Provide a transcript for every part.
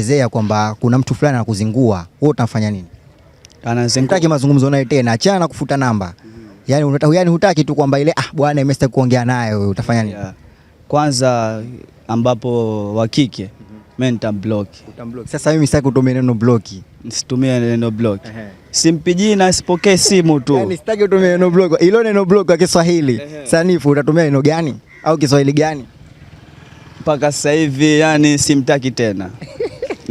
kukupendekezea kwamba kuna mtu fulani anakuzingua, wewe utafanya nini? Anazingua mazungumzo naye tena, achana na kufuta namba. Yani unataka yani hutaki tu kwamba ile ah, bwana imesta kuongea naye, wewe utafanya nini? Kwanza ambapo wa kike mimi nitamblock. Utamblock. Sasa mimi sitaki utumie neno block. Nisitumie neno block. Simpijii na sipokee simu tu. Yaani sitaki utumie neno block. Ilo neno block kwa Kiswahili sanifu utatumia neno gani au Kiswahili gani? Mpaka sasa hivi yani simtaki tena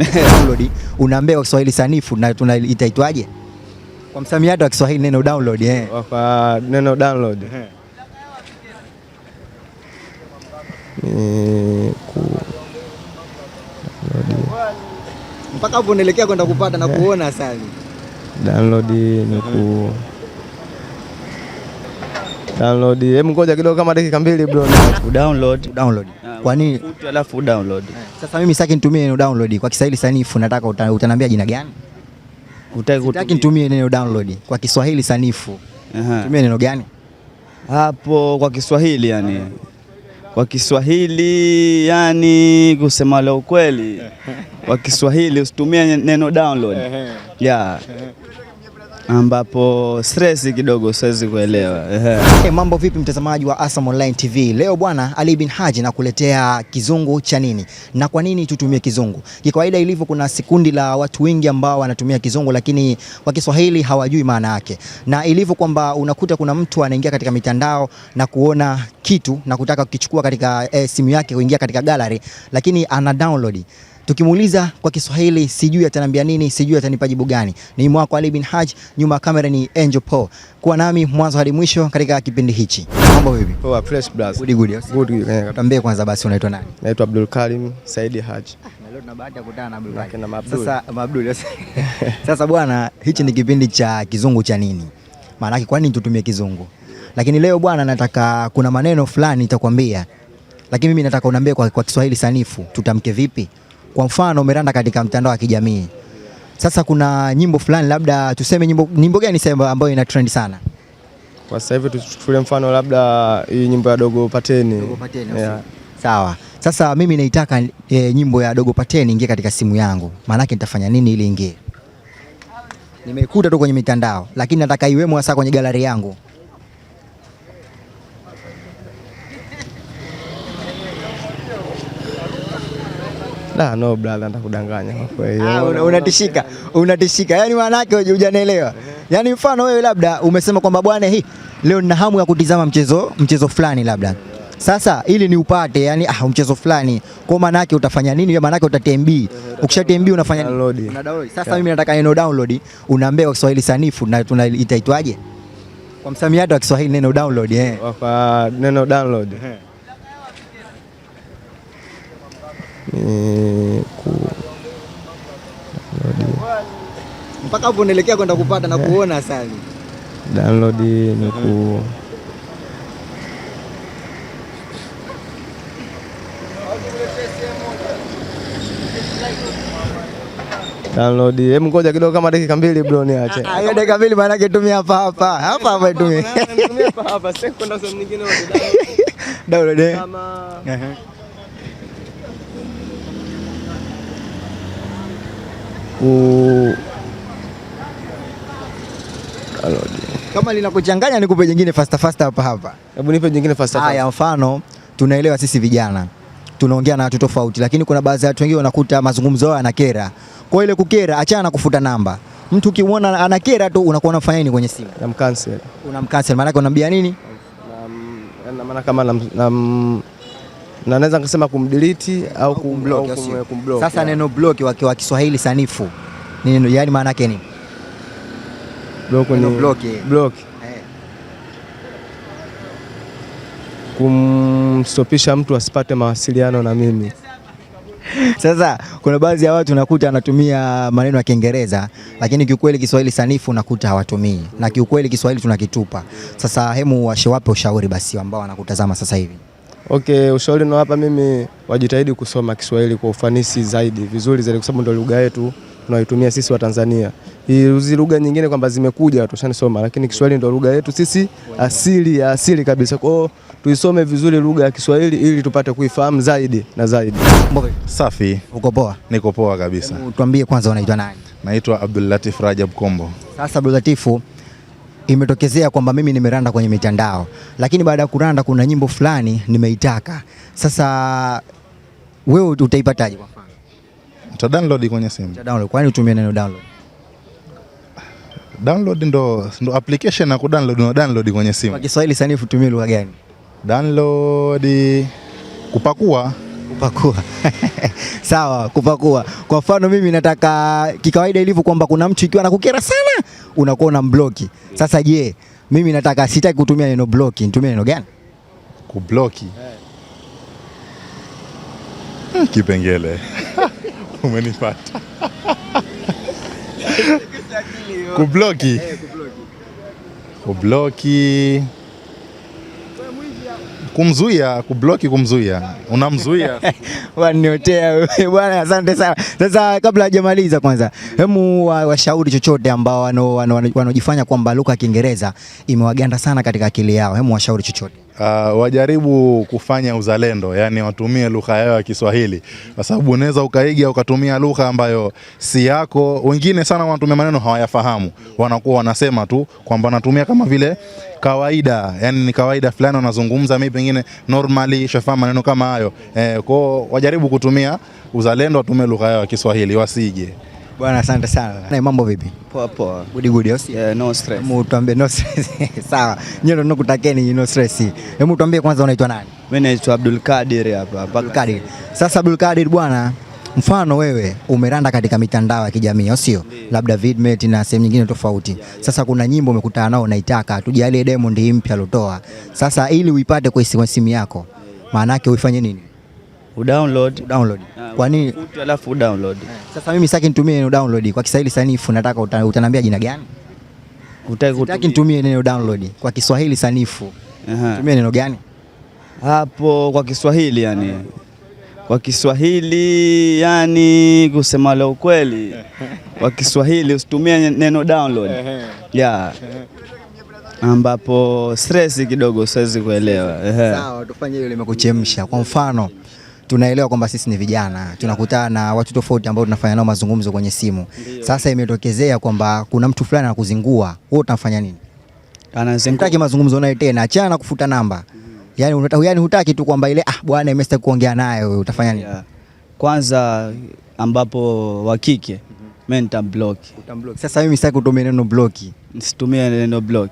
download, unaambia kwa Kiswahili sanifu na tunaitaitwaje? Kwa msamiati wa Kiswahili neno download eh. Kwa neno eh. download. mpaka hapo unaelekea kwenda kupata na kuona sasa. Download ni ku download. Hebu ngoja kidogo kama dakika mbili bro. Download. Download. Ah, kwa nini? Alafu download. Eh. Sasa mimi sitaki nitumie neno download kwa Kiswahili sanifu, nataka utaniambia jina gani? Sitaki nitumie neno download kwa Kiswahili sanifu. Aha. Tumie neno gani hapo kwa Kiswahili yani? Kwa Kiswahili yani, kusema la ukweli, kwa Kiswahili usitumie neno download. Yeah ambapo stress kidogo siwezi kuelewa. Hey, eh, mambo vipi mtazamaji wa Asam Online TV? Leo bwana Ali bin Haji nakuletea kizungu cha nini na kwa nini tutumie kizungu. Kikawaida ilivyo, kuna sikundi la watu wengi ambao wanatumia kizungu, lakini kwa Kiswahili hawajui maana yake, na ilivyo kwamba unakuta kuna mtu anaingia katika mitandao na kuona kitu na kutaka kukichukua katika eh, simu yake kuingia katika gallery, lakini ana download Tukimuuliza kwa Kiswahili sijui atanambia nini, sijui atanipa jibu gani. Ni mwako Ali bin Haj, nyuma ya kamera ni Angel Paul. Kuwa nami mwanzo hadi mwisho katika kipindi hichi. Mambo vipi? Poa, fresh blast. Good good. Yes. Good. good. Yeah. Tambie kwanza basi unaitwa nani? Naitwa Abdul Karim Saidi Haji. Ah, Sasa Abdul. Sasa bwana, hichi ni kipindi cha kizungu cha nini? Maana yake kwa nini tutumie kizungu? Lakini leo bwana, nataka kuna maneno fulani nitakwambia. Lakini mimi nataka unaambie kwa, kwa Kiswahili sanifu tutamke vipi? Kwa mfano umeranda katika mtandao wa kijamii sasa, kuna nyimbo fulani labda tuseme nyimbo, nyimbo gani sema ambayo ina trend sana kwa sasa hivi? Tuchukulie mfano labda hii nyimbo ya Dogo Pateni, Dogo Pateni yeah. Sawa, sasa mimi naitaka e, nyimbo ya Dogo Pateni ingie katika simu yangu, maanake nitafanya nini ili ingie? nimekuta tu kwenye mitandao, lakini nataka iwemo hasa kwenye galari yangu. La, ah, no brother, nitakudanganya kwa kweli. Ah, yaani, unatishika. Unatishika. Yaani maana yake hujanielewa. Yaani mfano wewe labda umesema kwamba bwana hii leo nina hamu ya kutizama mchezo mchezo fulani labda. Sasa ili ni upate yani ah, mchezo fulani. Kwa maana yake utafanya nini? Maana yake uta TMB. Ukisha TMB unafanya download. Una download. Sasa mimi nataka neno download, unaambia kwa Kiswahili sanifu na tunaitaitwaje? Kwa msamiati wa Kiswahili neno download eh. Kwa neno download. Eh. mpaka hapo unaelekea kwenda kupata na kuona asali. Download ni ku download. Hebu ngoja kidogo kama dakika mbili bro, niache Ah, hiyo dakika mbili, maana yake tumia hapa hapa hapa hapa, tumia hapa hapa, sasa kwenda sehemu nyingine download. Download. Eh. Kama kama linakuchanganya nikupe jingine fasta fasta hapa hapa. Hebu nipe jingine fasta fasta. Haya, mfano tunaelewa sisi vijana tunaongea na watu tofauti, lakini kuna baadhi ya watu wengine wanakuta mazungumzo yao yanakera. Kwa ile kukera, achana na kufuta namba. Mtu ukimwona anakera tu unakuwa unafanya nini kwenye simu? Namcancel. Unamcancel, maana yake unamwambia nini? Na maana kama na naweza nikasema kumdelete au kumblock. Sasa neno block wa Kiswahili sanifu ni neno yani, maana yake ni Block ni block, block eh. kumstopisha mtu asipate mawasiliano na mimi. Sasa kuna baadhi ya watu nakuta anatumia maneno ya Kiingereza lakini kiukweli Kiswahili sanifu nakuta hawatumii, na kiukweli Kiswahili tunakitupa. Sasa hemu washewape ushauri basi ambao wanakutazama sasa hivi. Okay, ushauri nao hapa mimi wajitahidi kusoma Kiswahili kwa ufanisi zaidi, vizuri zaidi, kwa sababu ndio lugha yetu tunaitumia sisi wa Tanzania. Hizi lugha nyingine kwamba zimekuja tushanisoma, lakini Kiswahili ndio lugha yetu sisi asili ya asili kabisa. Kwa hiyo tuisome vizuri lugha ya Kiswahili ili tupate kuifahamu zaidi na zaidi. Safi. Uko poa? Niko poa kabisa. Tuambie kwanza unaitwa nani? Naitwa Abdul Latif Rajab Kombo. Sasa Abdul Latifu imetokezea kwamba mimi nimeranda kwenye mitandao, lakini baada ya kuranda kuna nyimbo fulani nimeitaka. Sasa wewe utaipataje? Kwa mfano uta download kwenye simu, uta download. Kwani utumie neno download? Download ndo ndo application na download na download kwenye simu. Kwa Kiswahili sanifu tumie lugha gani? Download kupakua kupakua sawa, kupakua. Kwa mfano mimi nataka kikawaida ilivyo kwamba kuna mtu ikiwa anakukera sana unakuwa mbloki Sasa je, mimi nataka sitaki kutumia neno bloki, nitumie neno gani? Kubloki hey. Eh. Kipengele umenipata kubloki, hey, eh, kubloki. kubloki kumzuia kubloki, kumzuia unamzuia waniotea bwana. Asante sana. Sasa kabla hajamaliza, kwanza hemu washauri chochote ambao wanaojifanya kwamba lugha ya Kiingereza imewaganda sana katika akili yao, hemu washauri chochote uh, wajaribu kufanya uzalendo, yani watumie lugha yao ya Kiswahili, kwa sababu unaweza ukaiga ukatumia lugha ambayo si yako. Wengine sana wanatumia maneno hawayafahamu, wanakuwa wanasema tu kwamba wanatumia kama vile kawaida, yani ni kawaida fulani wanazungumza, mimi pengine normally shafa maneno kama hayo eh, kwao wajaribu kutumia uzalendo, watumie lugha yao ya Kiswahili wasije Bwana asante sana. Na mambo vipi? Poa poa. Good good. Yeah, no stress. Hebu tuambie no stress. Sawa. Nyewe ndio nakutakeni no stress. Hebu tuambie kwanza unaitwa nani? Mimi naitwa Abdul Kadir hapa. Abdul Kadir. Sasa Abdul Kadir bwana, mfano wewe umeranda katika mitandao ya kijamii au sio? Labda Vidmate na sehemu nyingine tofauti. Sasa kuna nyimbo umekutana nao unaitaka, tujalie Diamond mpya alotoa. Sasa ili uipate kwa simu yako, maana yake uifanye nini? udownload, udownload. Ah, kwa nini? Alafu udownload. Eh, sasa mimi sitaki nitumie neno download kwa Kiswahili sanifu, nataka utaniambia jina gani? Sitaki nitumie neno download kwa Kiswahili sanifu. Tumie neno gani? Hapo kwa Kiswahili yani. Ah. Kwa Kiswahili yani, kusema la ukweli, kwa Kiswahili usitumie neno download. Yeah. Ambapo stress kidogo siwezi kuelewa. Sawa, tufanye ile imekuchemsha. Kwa mfano tunaelewa kwamba sisi ni vijana tunakutana na watu tofauti ambao tunafanya nao mazungumzo kwenye simu. Sasa imetokezea kwamba kuna mtu fulani anakuzingua, wewe utafanya nini? Anazingua mazungumzo naye tena, achana na kufuta namba. Mm-hmm. Yani unataka yani hutaki tu kwamba ile ah, bwana imestaki kuongea naye, wewe utafanya nini? Kwanza ambapo wakike mimi nitamblock. Utamblock. Sasa mimi sitaki kutumia neno block. Nisitumie neno block.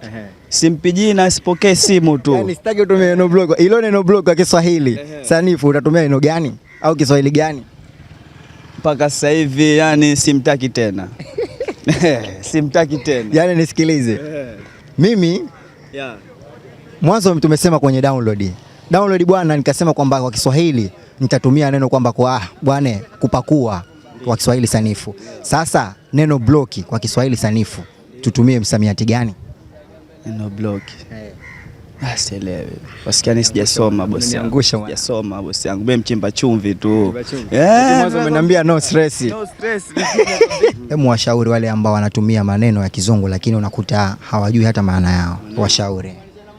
Simpijii na sipokee simu tu. Yaani sitaki kutumia neno block. Ilo neno block kwa Kiswahili sanifu utatumia neno gani au Kiswahili gani? Mpaka sasa hivi yani simtaki tena. Simtaki tena. Yaani nisikilize. Mimi yeah. Mwanzo tumesema kwenye download. Download bwana, nikasema kwamba kwa Kiswahili nitatumia neno kwamba kwa bwana kupakua wa Kiswahili sanifu. Sasa neno bloki kwa Kiswahili sanifu tutumie msamiati gani? Neno bloki eh. ah, Sielewi ni sijasoma bosi yangu, sijasoma bosi yangu, mimi mchimba chumvi tu. Eh, Umeniambia no stress. No stress. Hebu washauri wale ambao wanatumia maneno ya Kizungu lakini unakuta hawajui hata maana yao, washauri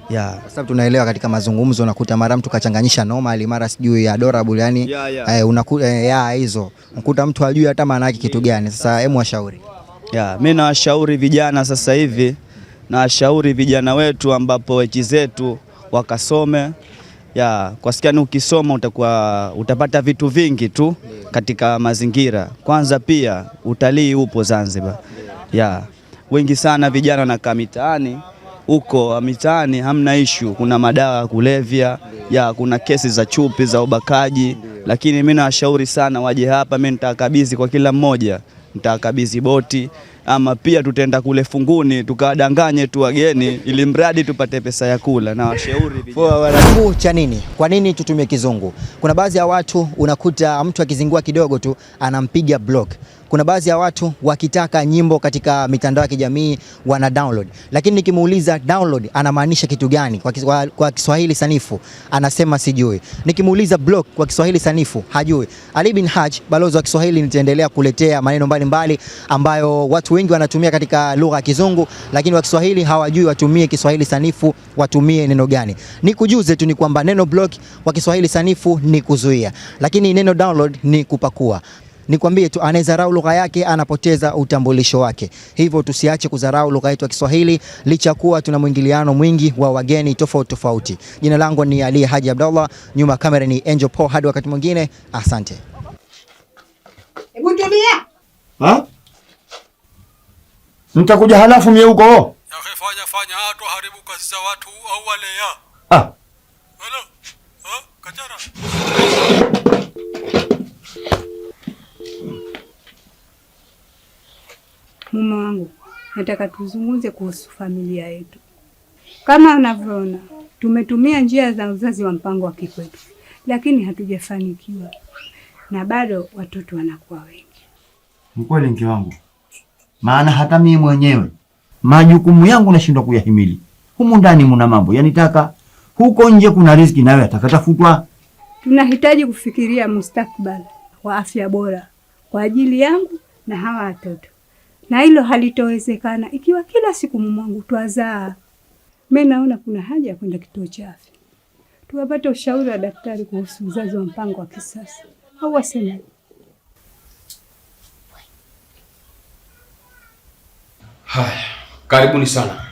Yeah. Sababu tunaelewa katika mazungumzo unakuta mara mtu kachanganyisha normal mara sijui adorable yani yeah, yeah. Eh, eh ya hizo unakuta mtu ajui hata maana yake kitu gani. Sasa hebu washauri. Yeah, mimi nawashauri vijana sasa hivi nawashauri vijana wetu ambapo wechi zetu wakasome ya sikiani, ukisoma utakuwa utapata vitu vingi tu katika mazingira. Kwanza pia utalii upo Zanzibar, ya wengi sana vijana wanakaa mitaani huko mitaani hamna ishu, kuna madawa ya kulevya ya kuna kesi za chupi za ubakaji, lakini mimi nawashauri sana waje hapa. Mimi nitakabidhi kwa kila mmoja, nitakabidhi boti ama pia tutaenda kule funguni tukawadanganye tu wageni, ili mradi tupate pesa ya kula. Na washauri kizungu cha nini? Kwa nini tutumie kizungu? Kuna baadhi ya watu unakuta mtu akizingua kidogo tu anampiga block kuna baadhi ya watu wakitaka nyimbo katika mitandao ya kijamii wana download, lakini nikimuuliza download anamaanisha kitu gani kwa, kwa Kiswahili sanifu anasema sijui. Nikimuuliza block kwa Kiswahili sanifu hajui. Ali bin Haj, balozi wa Kiswahili, nitaendelea kuletea maneno mbalimbali ambayo watu wengi wanatumia katika lugha ya Kizungu, lakini wa Kiswahili hawajui watumie Kiswahili sanifu watumie neno gani. Nikujuze tu ni kwamba neno block kwa Kiswahili sanifu ni kuzuia, lakini neno download ni kupakua nikwambie tu, anayedharau lugha yake anapoteza utambulisho wake. Hivyo tusiache kudharau lugha yetu ya Kiswahili, licha kuwa tuna mwingiliano mwingi wa wageni tofauti tofauti. Jina langu ni Ali Haji Abdallah, nyuma kamera ni Angel Paul. Hadi wakati mwingine, asante. Mtakuja halafu mie huko. fanya fanya hatu haribu kazi za watu au wale ya. Ah. Hello. Ha? Kachara? mume wangu, nataka tuzungumze kuhusu familia yetu. Kama unavyoona, tumetumia njia za uzazi wa mpango wa kikwetu, lakini hatujafanikiwa na bado watoto wanakuwa wengi. Mkweli mke wangu, maana hata mimi mwenyewe majukumu yangu nashindwa kuyahimili. Humu ndani muna mambo yanitaka, huko nje kuna riziki nayo atakatafutwa. Tunahitaji kufikiria mustakbal wa afya bora kwa ajili yangu na hawa watoto na hilo halitowezekana ikiwa kila siku mumwangu twazaa. Mimi naona kuna haja ya kwenda kituo cha afya tuwapate ushauri wa daktari kuhusu uzazi wa mpango wa kisasa, au waseme haya. Karibuni sana.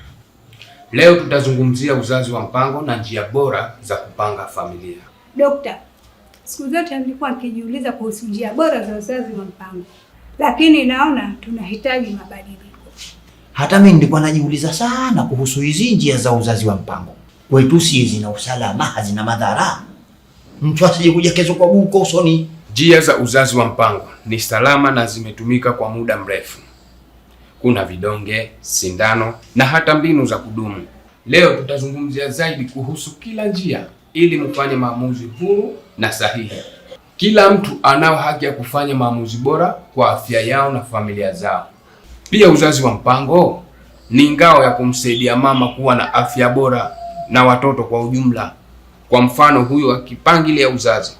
Leo tutazungumzia uzazi wa mpango na njia bora za kupanga familia. Dokta, siku zote nilikuwa nikijiuliza kuhusu njia bora za uzazi wa mpango lakini naona tunahitaji mabadiliko. Hata mimi nilikuwa najiuliza sana kuhusu hizi njia za uzazi wa mpango kwetu si zina usalama, hazina madhara, mtu asije kuja kesho kwa guko usoni. Njia za uzazi wa mpango ni salama na zimetumika kwa muda mrefu. Kuna vidonge, sindano na hata mbinu za kudumu. Leo tutazungumzia zaidi kuhusu kila njia ili mfanye maamuzi huru na sahihi. Kila mtu anao haki ya kufanya maamuzi bora kwa afya yao na familia zao. Pia uzazi wa mpango ni ngao ya kumsaidia mama kuwa na afya bora na watoto kwa ujumla. Kwa mfano, huyo akipangilia uzazi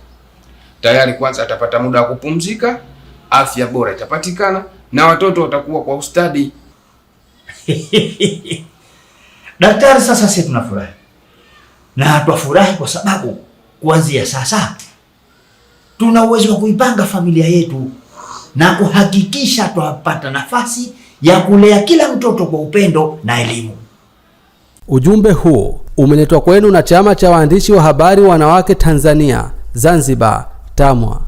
tayari, kwanza atapata muda wa kupumzika, afya bora itapatikana na watoto watakuwa kwa ustadi. Daktari, sasa sisi tunafurahi na twafurahi kwa sababu kuanzia sasa tuna uwezo wa kuipanga familia yetu na kuhakikisha twapata nafasi ya kulea kila mtoto kwa upendo na elimu. Ujumbe huo umeletwa kwenu na Chama cha Waandishi wa Habari Wanawake Tanzania Zanzibar, TAMWA.